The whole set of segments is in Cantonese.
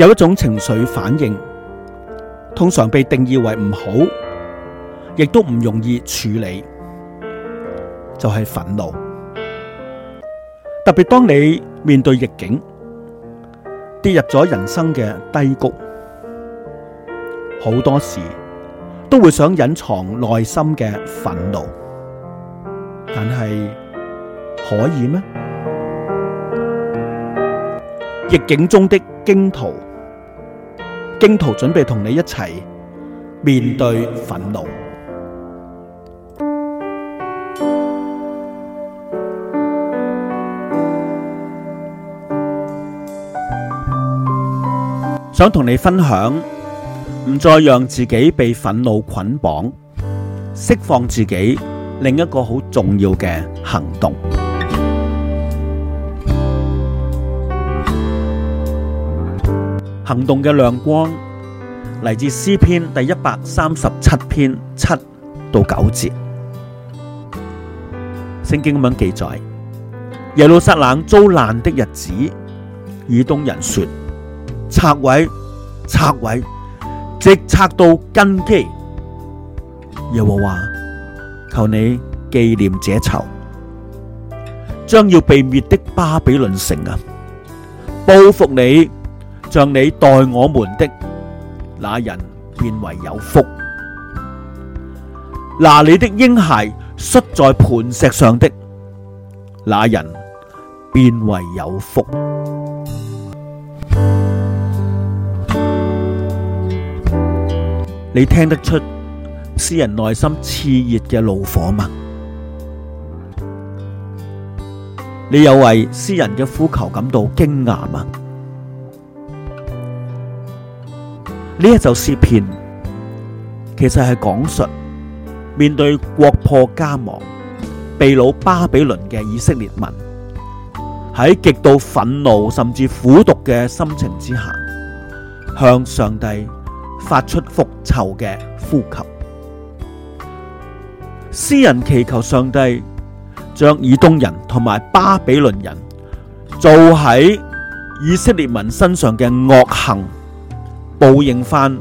有一種情緒反應，通常被定義為唔好，亦都唔容易處理，就係、是、憤怒。特別當你面對逆境，跌入咗人生嘅低谷，好多時都會想隱藏內心嘅憤怒，但係可以咩？逆境中的荊徒。荊徒準備同你一齊面對憤怒，想同你分享，唔再讓自己被憤怒捆綁，釋放自己，另一個好重要嘅行動。行動嘅亮光嚟自詩篇第一百三十七篇七到九節，聖經咁樣記載：耶路撒冷遭難的日子，以東人說拆毀，拆毀，直拆到根基。耶和華求你紀念這仇，將要被滅的巴比倫城啊，報復你！像你待我們的那人變為有福，拿你的嬰孩摔在磐石上的那人變為有福。你聽得出詩人內心熾熱嘅怒火嗎？你有為詩人嘅呼求感到驚訝嗎？呢一首詩篇，其實係講述面對國破家亡、被擄巴比倫嘅以色列民，喺極度憤怒甚至苦毒嘅心情之下，向上帝發出復仇嘅呼求。詩人祈求上帝將以東人同埋巴比倫人做喺以色列民身上嘅惡行。報應翻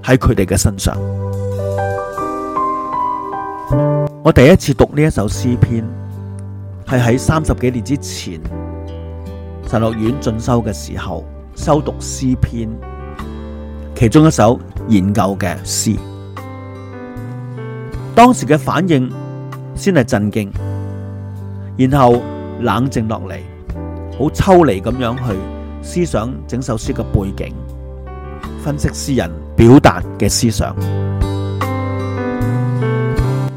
喺佢哋嘅身上。我第一次讀呢一首詩篇，係喺三十幾年之前神樂院進修嘅時候，修讀詩篇，其中一首研究嘅詩，當時嘅反應先係震驚，然後冷靜落嚟，好抽離咁樣去思想整首詩嘅背景。分析詩人表達嘅思想，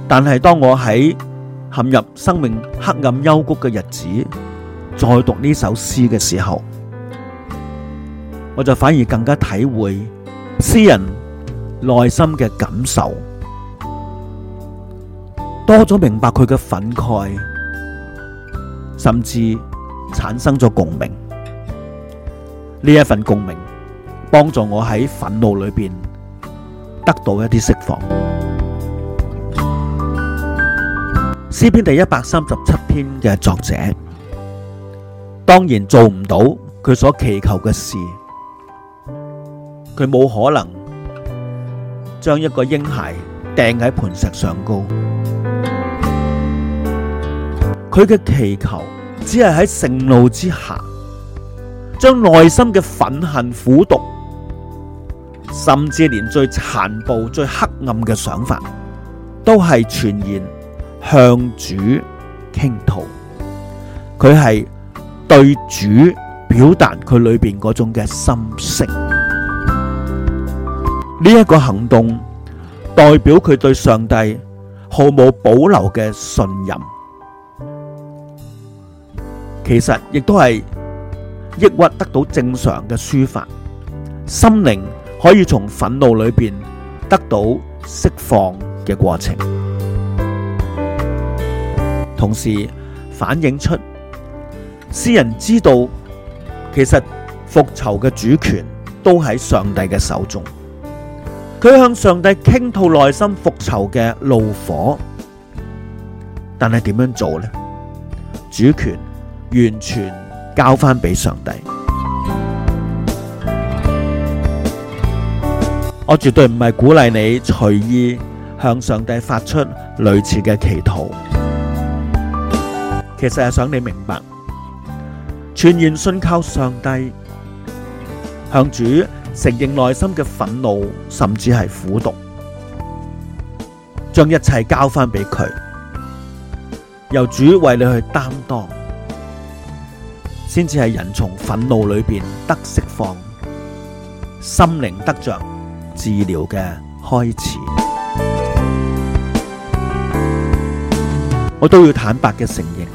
但係當我喺陷入生命黑暗幽谷嘅日子，再讀呢首詩嘅時候，我就反而更加體會詩人內心嘅感受，多咗明白佢嘅憤慨，甚至產生咗共鳴。呢一份共鳴。幫助我喺憤怒裏邊得到一啲釋放。詩篇第一百三十七篇嘅作者當然做唔到佢所祈求嘅事，佢冇可能將一個嬰孩掟喺磐石上高。佢嘅祈求只係喺盛怒之下，將內心嘅憤恨苦毒。甚至連最殘暴、最黑暗嘅想法，都係傳言向主傾吐。佢係對主表達佢裏邊嗰種嘅心聲。呢一個行動代表佢對上帝毫無保留嘅信任。其實亦都係抑鬱得到正常嘅抒發，心靈，可以從憤怒裏邊得到釋放嘅過程，同時反映出詩人知道，其實復仇嘅主權都喺上帝嘅手中。佢向上帝傾吐內心復仇嘅怒火，但係點樣做呢？主權完全交翻俾上帝。我絕對唔係鼓勵你隨意向上帝發出類似嘅祈禱，其實係想你明白，全然信靠上帝，向主承認內心嘅憤怒，甚至係苦毒，將一切交翻俾佢，由主為你去擔當，先至係人從憤怒裏邊得釋放，心靈得着。治療嘅開始，我都要坦白嘅承認，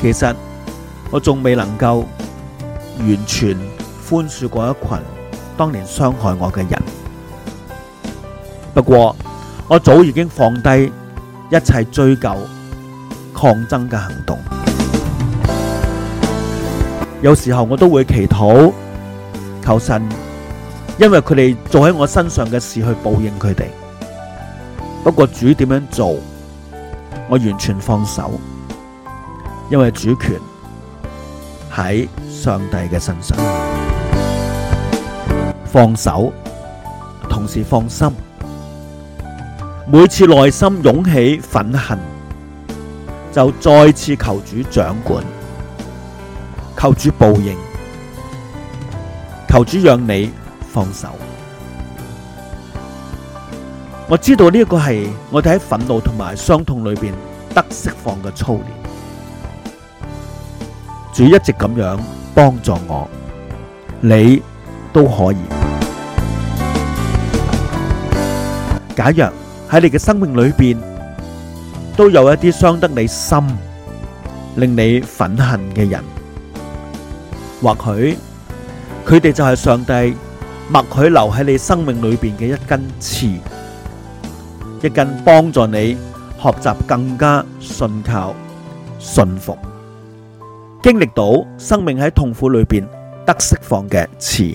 其實我仲未能夠完全寬恕過一群當年傷害我嘅人。不過，我早已經放低一切追究抗爭嘅行動。有時候我都會祈禱，求神。因為佢哋做喺我身上嘅事去報應佢哋，不過主點樣做，我完全放手，因為主權喺上帝嘅身上，放手，同時放心，每次內心湧起憤恨，就再次求主掌管，求主報應，求主讓你。放手，我知道呢個係我哋喺憤怒同埋傷痛裏邊得釋放嘅操練。主一直咁樣幫助我，你都可以。假若喺你嘅生命裏邊都有一啲傷得你心、令你憤恨嘅人，或許佢哋就係上帝默許留喺你生命裏邊嘅一根刺，一根幫助你學習更加信靠、信服，經歷到生命喺痛苦裏邊得釋放嘅刺。